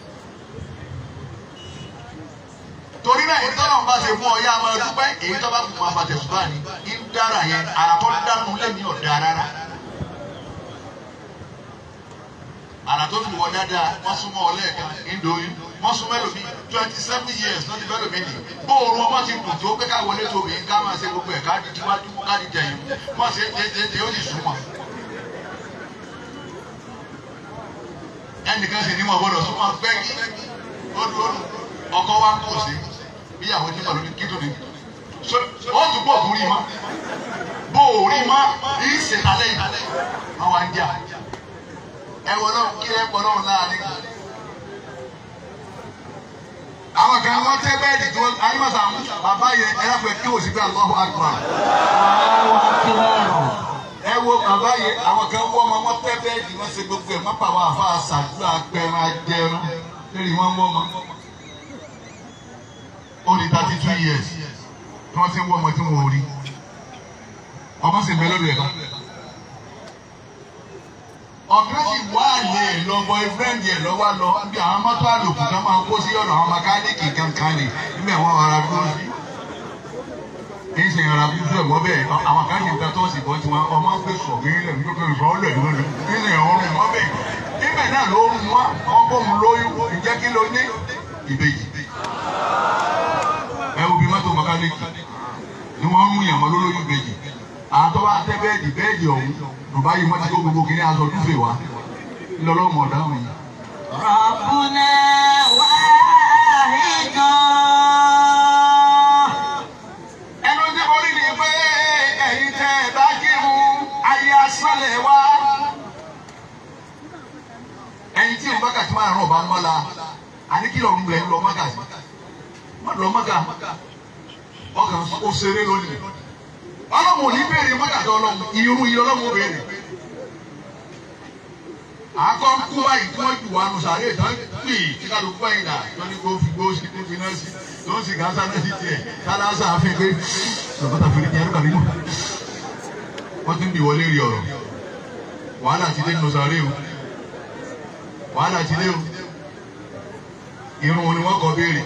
A: torí náà èyí tọ́lọ̀ ń bá ṣe fún ọ yá máa dúpẹ́ èyí tọ́ bá kù máa bàtẹ̀ sùpá ni ń dára yẹn àràtọ́ dánú lẹ́mí ọ̀dà rárá àràtọ́ tó wọ dáadáa wọ́n súnmọ́ ọ lẹ́ẹ̀kan ń wọ́n súnmọ́ ẹlòmíì twenty seven years ló ti bẹ́rù mi nì bó oorun ọmọ ti dùn tó pé ká wọlé tóbi ká máa ṣe gbogbo ẹ̀ ká di tiwájú ká di jẹ̀yìn wọ́n ṣe jẹjẹjẹ ó sì súnmọ́. ẹnìkan sì ní wọn gbọ́dọ̀ súnmọ́ gbẹ́gí ó dúró ọkọ wa kò sí bíyàwó nípa lórí kíndùn ni wọ́n tún bọ̀ tó rí ma bó o rí ma ní ìṣẹ̀lẹ̀ yìí wọ́n wá ń jà ẹ̀wọ̀n náà kí ẹ̀ pọ̀ náà láàrin àwọn kan wọ́n tẹ́ bẹ́ẹ̀dì tó alimọ̀sá bàbá yẹn ẹ̀rọ̀pẹ̀ kí wò sí pé Allahu Akbar. ẹ wo bàbá yẹn àwọn kan wọ́n ọmọ wọn tẹ́ bẹ́ẹ̀dì wọ́n ṣe gbogbo ẹ̀ mọ́pà wọn àfa àṣàdúrà pẹ̀rẹ̀ ajẹrun lórí wọn wọ́n ọmọ. ó ní thirty two years tí wọ́n ti ń wọ́ ọmọ tí wọ́n ò rí ọmọ sì bẹ́ lórí ẹ̀ náà ọ̀gá sì wá àlè lọ boyfriend yẹn lọ́wọ́ lọ bí àwọn mọ́tò àlòkù kan máa kó sí ọ̀dọ̀ àwọn mẹkáníìkì kankan ni níbẹ̀ wọ́n ara dúró sí. kì í ṣe ara dúró sí ẹ̀wọ́ bẹ́ẹ̀ àwọn kan ní nǹkan tó ń sìnkọ́ tí wọ́n ọmọ ń pèsè ọ̀gbìn ilẹ̀ ní pé ìfọ̀ ọ̀lẹ̀ lónìí kì í ṣe ọrùn wọn bẹ́ẹ̀ níbẹ̀ náà ló rún wọn wọn kó mu lóyún ìjẹ́ kí ló ní ìbejì. ẹ wo bí mọ́tò mẹkáníìkì ni wọ́n mú ìyàmọ́ báyìí wọ́n ti kó gbogbo kìnìún aṣọ tó fè wá lọ́lọ́mọ ọ̀dáhùn yìí.
B: rọ̀bùnà wà ìjọ.
A: ẹnu tí mo rí ni pé ẹ̀yin tẹ́ ẹ bá kírun ayé asọ́lẹ̀ wá. ẹ̀yin tí òun bá kàtí máa rán ọba ńlá la àní kí lọ́ọ̀rù rẹ̀ ń lọ mọ́kà. má lọ mọ́kà ọkàn ó ṣeré lónìí ọlọ́run ò ní béèrè mọ́tàdọ́ ọlọ́run irú irú ọlọ́run ò béèrè. akọ́ ń kú báyìí tí wọ́n jù wá nù sàárè tán pè kí kálukú báyìí dà wọ́n ní kó fi gbó sí kó fi náà sí tó ń sì gásà náà sí tiẹ̀ kálá sàáfin pé lọ́kọ́tà fún ìjẹ́ ẹ̀rọ wọ́n ti ń bì wọlé rí ọ̀rọ̀ wàhálà ti dé nù sàárè o wàhálà ti dé o irun ni wọ́n kọ béèrè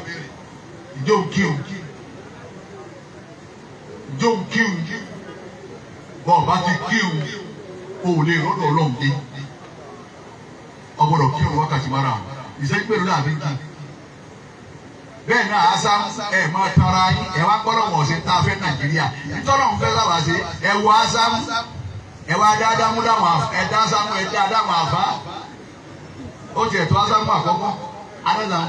A: ìjọ òkè òkè jó ń kírun bọ́ ọba ti kírun o ò lè rọ́dọ̀ ọlọ́run dé ọgbọ́dọ̀ kírun wákàtí mara ìṣẹ́jú pẹ̀lú láàbí kí bẹ́ẹ̀ náà asa ẹ̀ máa tara yín ẹ̀ wá gbọ́dọ̀ wọ̀ ṣe tá a fẹ́ nàìjíríà ìtọ́nà ń fẹ́ sábà ṣe ẹ̀ wọ asa ẹ̀ wá dá dámú dámú ẹ̀ dá asa ẹ̀ dá dámú àfá ó ti ẹ̀tọ́ asa mú àkọ́kọ́ adẹ́dà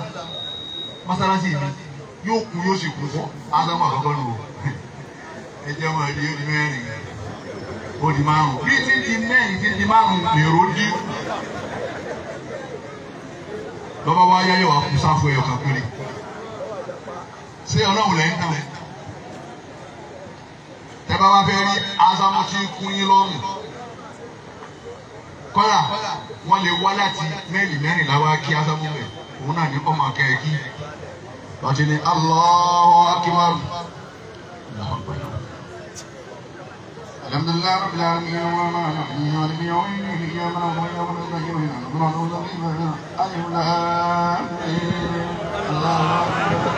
A: mọ́sálásí mi yóò kú yóò sì kú fún asa mú àkọ́kọ́ nù o ẹjẹ́ wọn rí ó di mẹ́rin ó di márùn bí ti di mẹ́rin ti di márùn lèrò dí lọ́ba wa yáyọ̀ wá kú sáfù ẹ̀yọ̀ kan péré ṣé ọlọ́run lẹ́yìn tán tẹ́ bá fẹ́ rí azamuti kún yín lọ́rùn kọ́lá wọ́n lè wá láti mẹ́lì mẹ́rin láwa kí azamu bẹ̀ òun náà ní ọmọ akẹ́kí lọ́tí ní Allahu Akbar. الحمد لله رب العالمين وما نحن يوم يومين إياما نعبد وإياك نستعين اهدنا الصراط المستقيم ألف لام الله أكبر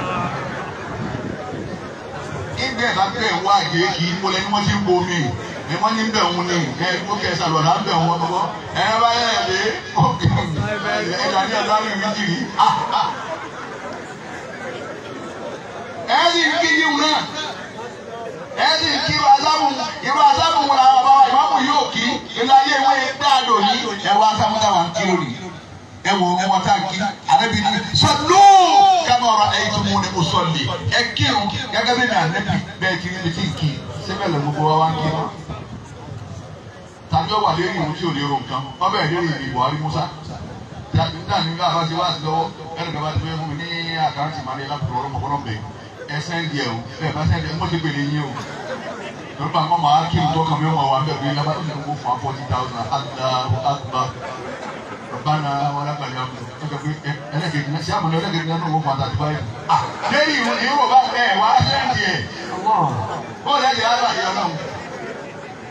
A: ibẹ̀ lábẹ́ wá àgbẹ̀ kì í mọ́lẹ̀ ní wọ́n ti ń bo mi ni wọ́n ní bẹ̀ òun ni ẹ kó kẹsà lọ́dà ń bẹ̀ òun ọmọ ẹ bá yẹ ẹ lé kókè ẹ dàní ọ̀dàmì mi jìrì ẹ yìí kí yìí náà ẹni kí irú asábù irú asábù wọn àwọn bàbá wa ìmáàmù yóò kí ilé ayé ìwé dáadọ̀ ní ẹwà asábù táwọn kí lórí ẹwọ ọmọ tá a kí àdébí ní sọlú kama ọ̀rọ̀ ni mo sọ lè ẹ kírun gẹ́gẹ́ bí mi àdébí bẹ́ẹ̀ kí mi ti kí síbẹ̀ lè gbogbo wa wá kí wọn. tàbí ọwà lérí ìwú tí ò lè ro nǹkan wọn bẹ̀rẹ̀ lérí ìwé Buhari Musa tàbí nígbà nígbà àbáṣe wá sí lọ́wọ́ ẹnì kan bá ti fẹ́ fún mi ní àkáǹtì màdé lápò ọ̀rọ̀ mọ̀kọ́rọ̀ bẹ́ẹ̀ ẹ sẹ́ndì ẹ̀ o ẹ bá sẹ́ndì ẹ̀ mọ́tò gbèlè yín o lọ́pọ̀ àwọn ọmọ akéwì tó kàn mí ọmọ wa bẹ́ẹ̀ bí lábàá tó ń kó fún forty thousand Allahu Akbar bana wọn lágbàdo àmì tó kẹ pé ẹlẹ́gẹ̀dì náà ṣé àmọ́lẹ́ ẹlẹ́gẹ̀dì náà ló wọ àtàtì báyìí. lẹ́yìn ìwọ ìwọ bá ẹ wà á sẹ́ndì ẹ̀ bọ́ọ̀lù ẹ̀jẹ̀ á bàjẹ́ ọlọ́run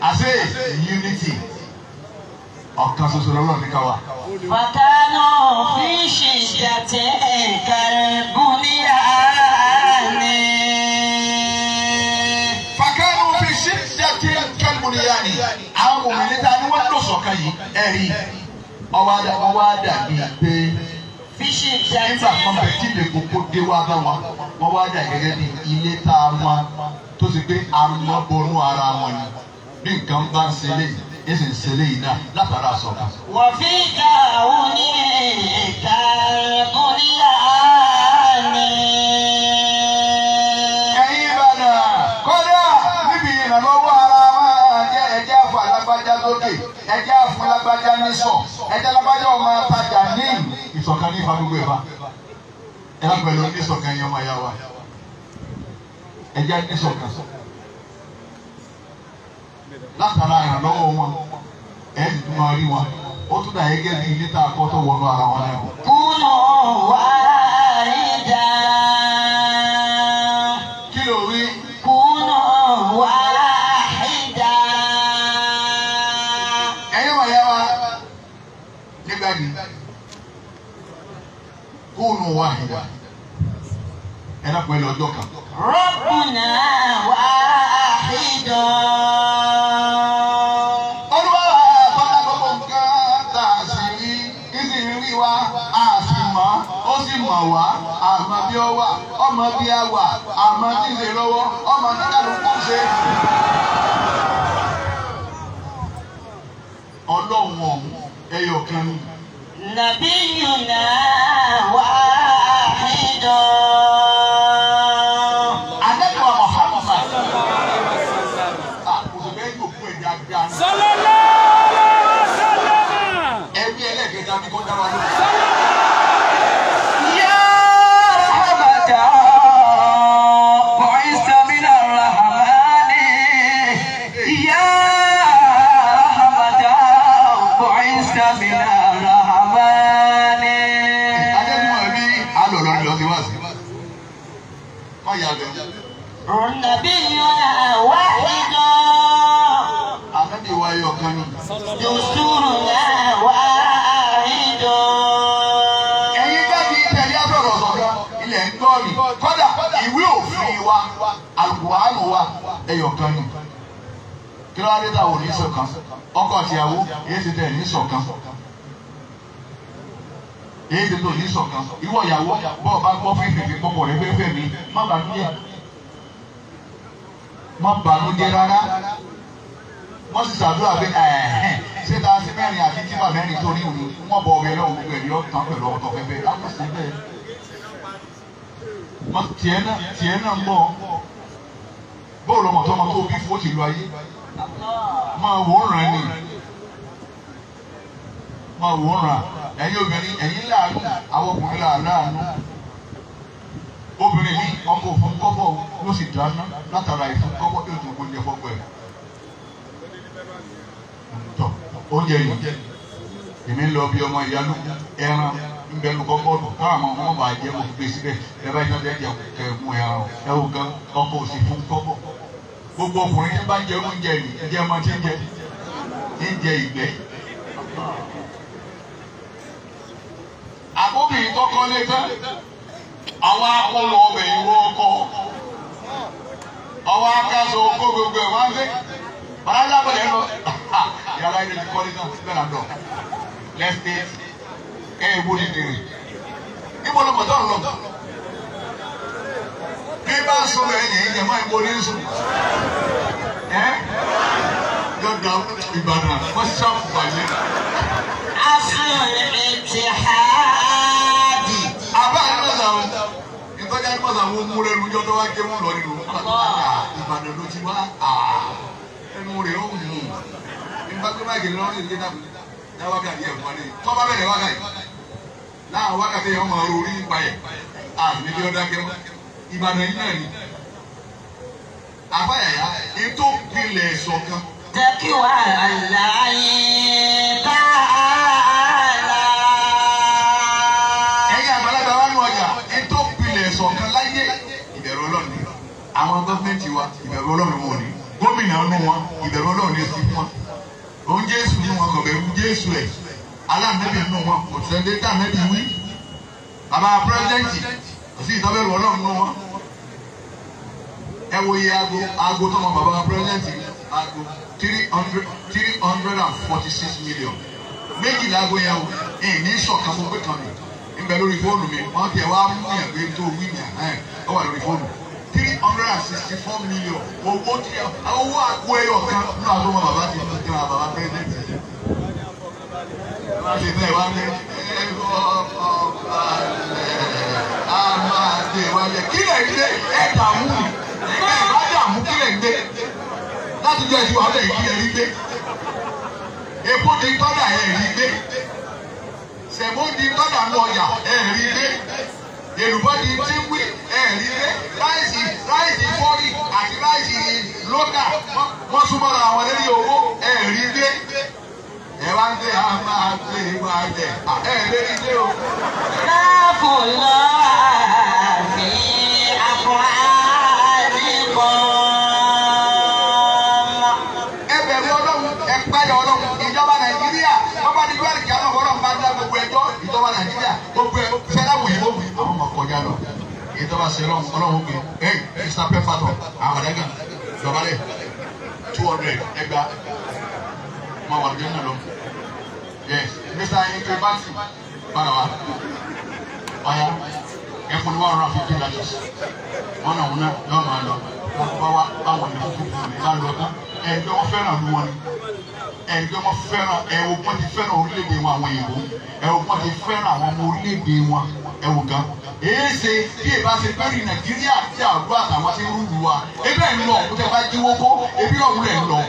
A: àṣẹ unity ọ̀kan ṣoṣo lọ́wọ́ mi ká wa.
B: bàtà náà fi ṣèṣàtẹ̀ ẹ̀ka rẹ̀ gún níyà.
A: nǹkan yìí ẹ̀rí ọwọ́ ọwọ́ dàbí pé nígbà kan bẹ tí lè kókó dé wá bá wọn wọn wá dà gẹ́gẹ́ bí ilé tá a wọn tó ti pé amọ́bọnú ara wọn ni bí nǹkan bá ń ṣe léyìí èsì ń ṣe léyìí náà látara sọ̀rọ̀.
B: wọ́n fi ká àwọn oníkàkùnrin àná.
A: lágbájá ní sọ ẹjẹ lágbájá ọmọ atajà ní ìṣọ̀kan ní ìfà gbogbo ìfà ẹ lápẹ lọ ní ìṣọ̀kan yẹn ọmọ ayá ẹjẹ ní ìṣọ̀kan látara ìrànlọ́wọ́ wọn ẹ ti tún máa rí wọn ó tún dà gẹ́gẹ́ bí ilé tá wọnú ara wọn náà.
B: kúnnù wàrà ìjà.
A: واحدة أنا أقول له دوكا
B: ربنا واحد
A: a wà ọlọ́run ọ̀hún ẹyọ ni. nàbí náà. ti wá sí. Má yà lọ. Ònàbí ni ọ̀nà àwa ìjọ. Ànábì wa yọ kan ni. Yòsùrù náà wá ìjọ. Ẹ̀yin jáde tẹ̀lé àbọ̀rọ̀ sọ̀kan ilẹ̀ ń gbọ́ mi. Kọ́dà ìwé òfin wa, àlùkùránì wa, ẹyọ kan ni. Kí ló wá dé táwọn ò ní ṣọ̀kan? Ọkọ àti ìyàwó, èyí ti tẹ̀ ní ṣọ̀kan èyí ti tó ní ṣọ̀kan ìwọ ìyàwó bọ́ọ̀ bá gbọ́ fífìfì pọ̀pọ̀ rẹ fẹ́fẹ́ mi má bànújẹ́ má bànújẹ́ rárá wọ́n sì ṣàdúrà pé ẹ̀ẹ́n ṣé ta sí mẹ́rin àti tíma mẹ́rin tó ní òun wọ́n bọ ọbẹ̀ lọ́wọ́ gbogbo ẹ̀mí ọ̀tàn pẹ̀lú ọ̀tọ̀ fẹ́fẹ́ lápẹ̀sẹ̀ bẹ́ẹ̀ tiẹ̀ náà ń bọ̀ bóòlù ọmọ tó ọmọ tó bí fún ó ayé máa wò ó ràn ní máa wò ràn ẹ̀yin obìnrin ẹ̀yin láàánú àwọn ọkùnrin láàánú obìnrin ní ọkọ òfurufọ́bọ̀ ló sì dáná látara ìfúnkọ́bọ̀ yóò tún oúnjẹ fọ́gbọ́ ẹ̀ tọ́ oúnjẹ yìí èmi ń lọ bí ọmọ ìyanu ẹran ń bẹ lu kọ́kọ́ọ̀dù káwọn ọmọ ọmọ bá jẹ́ mo gbé síbẹ̀ ẹ bá yẹn lẹ́jẹ̀ kẹ̀ mú ẹran ẹ gan ọkọ òsì fún kọ́bọ̀ gbogbo ọkùnrin tí bá ń jẹ oúnjẹ yìí ẹ jẹ́ ọmọ tí ń jẹ ń jẹ ìgbẹ́ àbóbìnrin tọkọ lé tán àwọn akọlọ obìnrin wọ ọkọ ọwọ akáso kó gbogbo ẹ wọn gbé bàálà bọlẹ lọ yàrá ilé ti kọ́lé náà síbẹ̀ làdọ̀ lẹ́sẹ̀ ẹ̀ ẹ̀ wọlé dèrè níbo ló mọ̀ tọ́lọ̀ lọ bí bá ń sọ bẹ́ẹ̀ yẹn yẹn máa ń wọlé ń sọ ẹ́ yọ̀dà Ìbàdàn wọ́n ṣàfùwà yẹn àwọn ohun rẹ̀ lójọ́ tó wá jẹ́ wọ́n lọ nínú ìbàdàn ló ti wá ẹnu rẹ̀ ó mú un nígbà tó bá gèlè lọ́rùn ìdílé náà ní wákàtí àti ẹ̀fọ́ ni tó bá bẹ̀rẹ̀ wákàtí láàrin wákàtí yẹn máa ro orí ìpa yẹn àmì bí ọdá kẹ́wọ́ ìbàdàn yìí náà ni àbáyàyà ètò ìpìlẹ̀ ẹ̀sọ̀ kan. tẹ́kí wàhálà yìí bá a. ìbẹ̀rù ọlọ́run wọn ni gómìnà ọdún wọn ìbẹ̀rù ọlọ́run yẹn ti fún wọn òun jésù ní wọn kò bẹ̀rù jésù ẹ̀ aláàmẹ́bí nù wọn kò tẹ̀ dé tá àmẹ́bí wí bàbá pírẹ́sidẹ́ǹtì kò sí ìtọ́bẹ̀rù ọlọ́run nù wọn ẹ wo iye aago aago tọmọ bàbá pírẹ́sidẹ́ǹtì aago three hundred three hundred and forty six million méjìlá aago yẹn o ẹ̀ ní sọ̀kan fún pé kan mi ń bẹ lórí fóònù mi wọ́n ti ẹ̀ wá mú ìyàgbé tó three hundred and sixty four million owó tí owó àgbo ẹyọ kan nínú àdúgbò bàbá ti fi kan bàbá pẹ́ẹ́dẹ́tì. E láti náà wá ní ẹ̀rọ ọ̀pọ̀lẹ̀ àmàdé wáyé kí lè dé ẹ̀dá mú ni ẹ̀ka ìbájà mú kí lè dé láti jẹ́ ìwà ọ̀dẹ̀ yìí ẹ̀rí dé epo di tọ́jà ẹ̀rí dé sẹ̀mó di tọ́jà lọ́ọ̀yà ẹ̀rí dé. Yorùbá di jíwì ẹ̀rí lé ráìsì ráìsì fọ́ọ̀rì àti ráìsì lókà wọ́n súnmọ́ ra àwọn lórí owó ẹ̀rí lé. Ẹ wá ń gbé a máa gbé wa jẹ, ẹ lé ilé o. Láàbù lọ́wọ́. kọjá lọ èyí tó bá ṣe lọ ọlọ́run pé hey mr pefato àwọn ọ̀dẹ́gàn lọ́balẹ̀ two hundred ẹgba máa wà lójú náà lọ yes mr ayinke bansi bára wa ọ̀ya ẹ̀fọn ni wọ́n rọra fifty dollars wọn náà wọn náà yọ̀ máa lọ wọ́n wá báwọn ní fún fún mi lálọ́ ọ̀gá ẹ̀ẹ́dẹ́ wọn fẹ́ràn lu wọn ni ẹ̀ẹ́dẹ́ wọn fẹ́ràn ẹ̀ẹ́wọ̀n ti fẹ́ràn orílẹ̀-èdè wọn àwọn èèwọ̀ ẹ̀ẹ́wọ̀n ti fẹ́ràn àwọn ọmọ orílẹ̀-èdè wọn ẹ̀wọ̀ gan-an èéṣe bí èbá ṣe pẹ́rù nàìjíríà tí àrùbá àtàwọn ti rúru wa ebi ẹ̀ ń lọ òkúta bá jíwó kó ebi ọ̀hún rẹ̀ ń lọ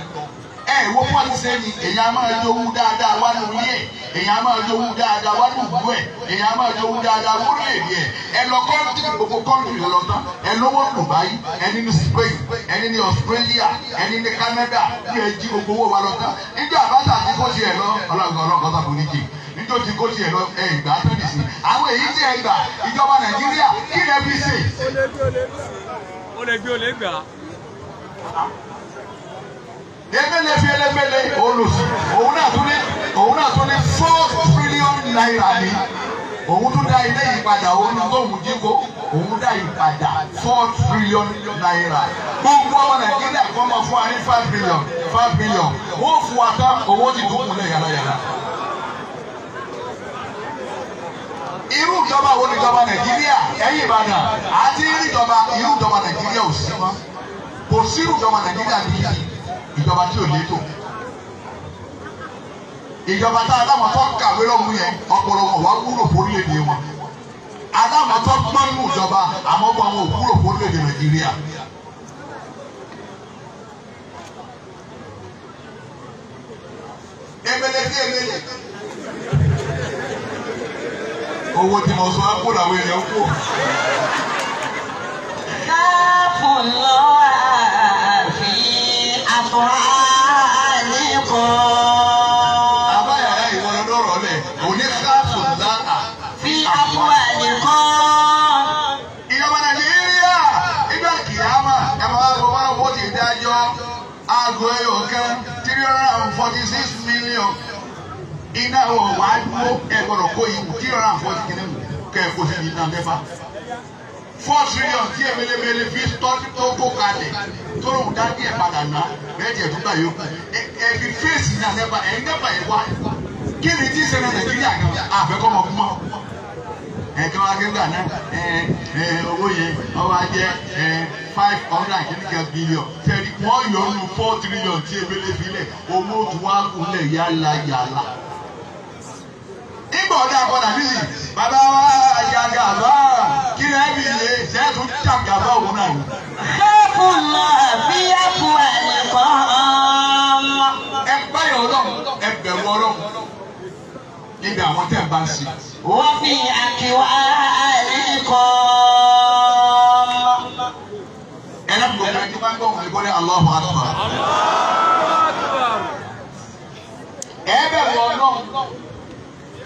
A: ẹ wo fún ọtí sẹ́ni èyàn máa jowú dáadáa wá ní orí ẹ̀ èyàn máa jowú dáadáa wá ní ìlú ẹ̀ èyàn máa jowú dáadáa wó lè rí ẹ̀ ẹ lọ kọ́ńtì gbogbo kọ́ńtì rẹ lọ tán ẹ lówó Dubai ẹni ní Spain ẹni ní Australia ẹni ní Canada bí ẹ jí gbogbo owó wa lọ tán nígbà bàtà tí kò tiẹ̀ lọ ọlọ́gbọ̀n ọlọ́gbọ̀n tàbí oníjì tó ti kó tiẹ̀ lọ ẹ ìgbà tó dì sí àwọn èyí tí ẹ gbà ìjọba nàìjíríà kí lẹ fi ṣe.
B: ó lè gbé ó lè gbà.
A: ebele fi elebele olùsí òun náà tún ní òun náà tún ní four trillion naira ní òun tún dá ilé ìpadà òun tóun jíko òun dá ìpadà four trillion naira gbogbo ọmọ nàìjíríà kọ́ máa fún wa ní five billion five billion wọ́n fún wa tán owó ti dùn kúnlẹ̀ yàrá yàrá. irú ìjọba wo ni ìjọba nàìjíríà ẹ̀yìn ìbàdàn àti irú ìjọba irú ìjọba nàìjíríà ò sí mọ́ kò sí irú ìjọba nàìjíríà ní ìjọba tí ò létò ìjọba tá aláwọ̀ tó ń kàwé lọ́hùn yẹn ọ̀pọ̀lọ̀ wọn wá wúlò fórílẹ̀-èdè wọn aláwọ̀ tó gbọ́n nù ìjọba àmọ́ bọ́ àwọn òwúlò fórílẹ̀-èdè nàìjíríà. emele bí emele owó tí mo sọ á kó làwọn èèyàn kú. káàpù lọ
B: àfi àtúrà nìkọ́.
A: abáyàrá ìwọ́n lọ́rọ̀ lẹ̀ òní káàpù lá à fi àtúrà nìkọ́. ìjọba nàìjíríà nígbà kìámà ẹ máa gbọ́ máa wọ́n ti dájọ́ aago ẹyọ kan three hundred and forty six million iná ọ̀ wá dúró ẹ gbọ́dọ̀ kó ìwé three hundred and forty kìíní mu kẹ́ ẹ̀ kó sí ní náà mẹ́fà four trillion tí èmelemele fi tọ́jú tó kó kalẹ̀ tó lóun dá díẹ̀ padà ná bẹ́ẹ̀ jẹ́ tó gbà yóò ẹ̀ fi fèsì náà mẹ́fà ẹ̀ mẹ́fà ẹ̀ wá kí ni tí ṣẹlẹ̀ Nàìjíríà gan àfẹ́kọ́ mọ̀ fún mọ́ ẹ̀ka wa gbégbà náà owó yẹn ọwọ́ ajẹ́ five hundred and kìíní kan billion tẹ̀lé wọ́n yọ ọ́nù four trillion tí èmelemele filẹ̀ owó tó wá kulẹ̀ yálà yálà túbọ̀ ọ̀dà padà níyì bàbá wa àyàgà bá kí lẹ́ bí ilé jẹ́ tún jàǹgà bá òun náà. kẹ́ẹ̀kù lọ bí
B: ẹ̀kú ẹ̀nìkan ọmọ. ẹ báyọ̀ ọlọ́run
A: ẹ bẹ̀rù ọlọ́run níbi àwọn tẹ̀ ń bá ń
B: wọ́n fi àkíwá ẹ̀nìkan ẹlẹ́gbọ̀n ẹni bá ń gbọ́ wọn ìgbọ́lẹ̀
A: Allahu Akbar. ẹ bẹ̀rù ọlọ́run.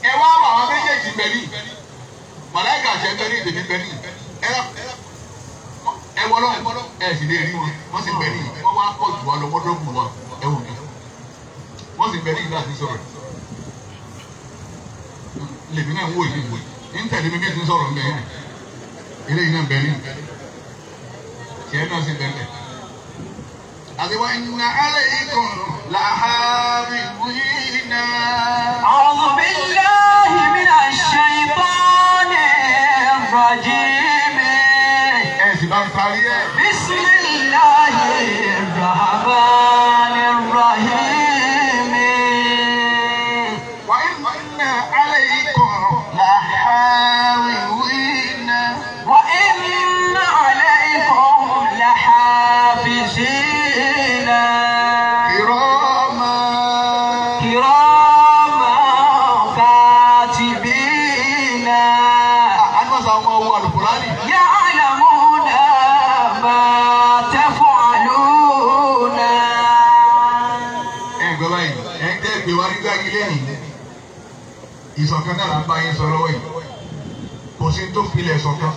A: ẹ wá wà wọn méjèèjì pẹ̀lú màláìka àṣẹ pẹ̀lú ìdèmí pẹ̀lú ẹ wọlọ ẹ sì lè rí wọn wọn sì pẹ̀lú wọn wá pọ̀ jù wọn lọ wọ́n tó wọn ẹ wù mí wọn sì pẹ̀lú ìgbà tí sọ̀rọ̀ lèmi náà ń wò yìí ń tẹ̀lé mi bí ti ń sọ̀rọ̀ ń bẹ̀ eléyìí náà ń tiẹ̀ náà sì bẹ̀ ń bẹ̀ ń na náà là ń bá yín sọ kò sí tó pilẹ̀ ṣọ̀kan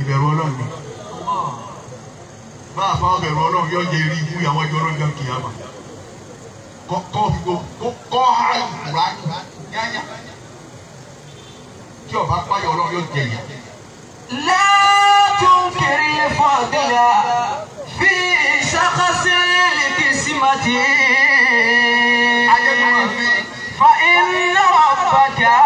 A: ìbẹ̀rù ọlọ́run ni máa fa ọbẹ̀rù ọlọ́run yóò jẹ eré ibú ìyàwó ẹjọ́ lọ́jọ́ kìyàmà kọ́ fipò kọ́ àrùn rà yányá tí ọba páyọ̀ ọlọ́run yóò jẹ ìyà.
B: látún kiri fún àgbẹ̀yà fi ìṣàkọsí lèkè sí màtí. fa iná ọ̀pá kàá.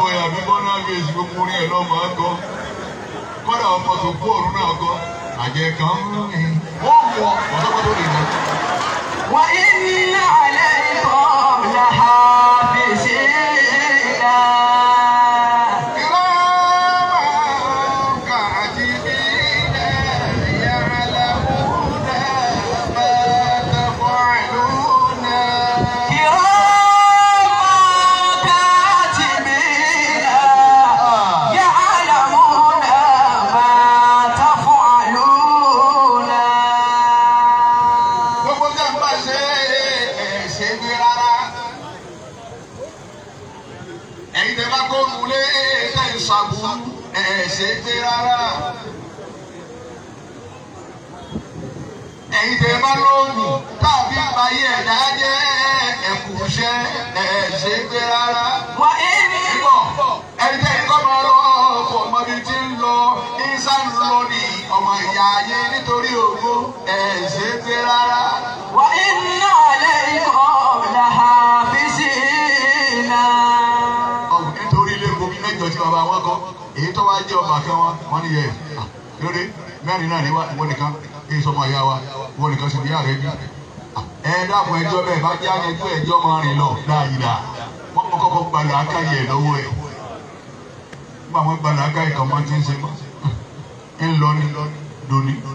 A: bọ̀yà àbí bọ́nà bèsì gbogbo orin ẹ̀ lọ́mọ àgọ́ kọ́dà ọmọ tó kú ọ̀run náà gọ́ àjẹ ń rìn ó wọ ọ̀dọ́gbọ́dọ́ lè ní. wà á ní mẹ́rin náà níwá ìwọ nìkan kí n sọmọ ìyá wa ìwọ nìkan sì ní ààrẹ bí. ẹ dákun ẹjọ́ bẹ́ẹ̀ bá já ẹjọ́ ẹjọ́ máa rìn lọ dáadáa wọ́n mọ kọ́kọ́ gbalẹ̀ akáyè ẹ̀ lọ́wọ́ ẹ̀ nígbà gbalẹ̀ akáyè kan máa ti ń ṣe
B: ń lọ ní lónìí.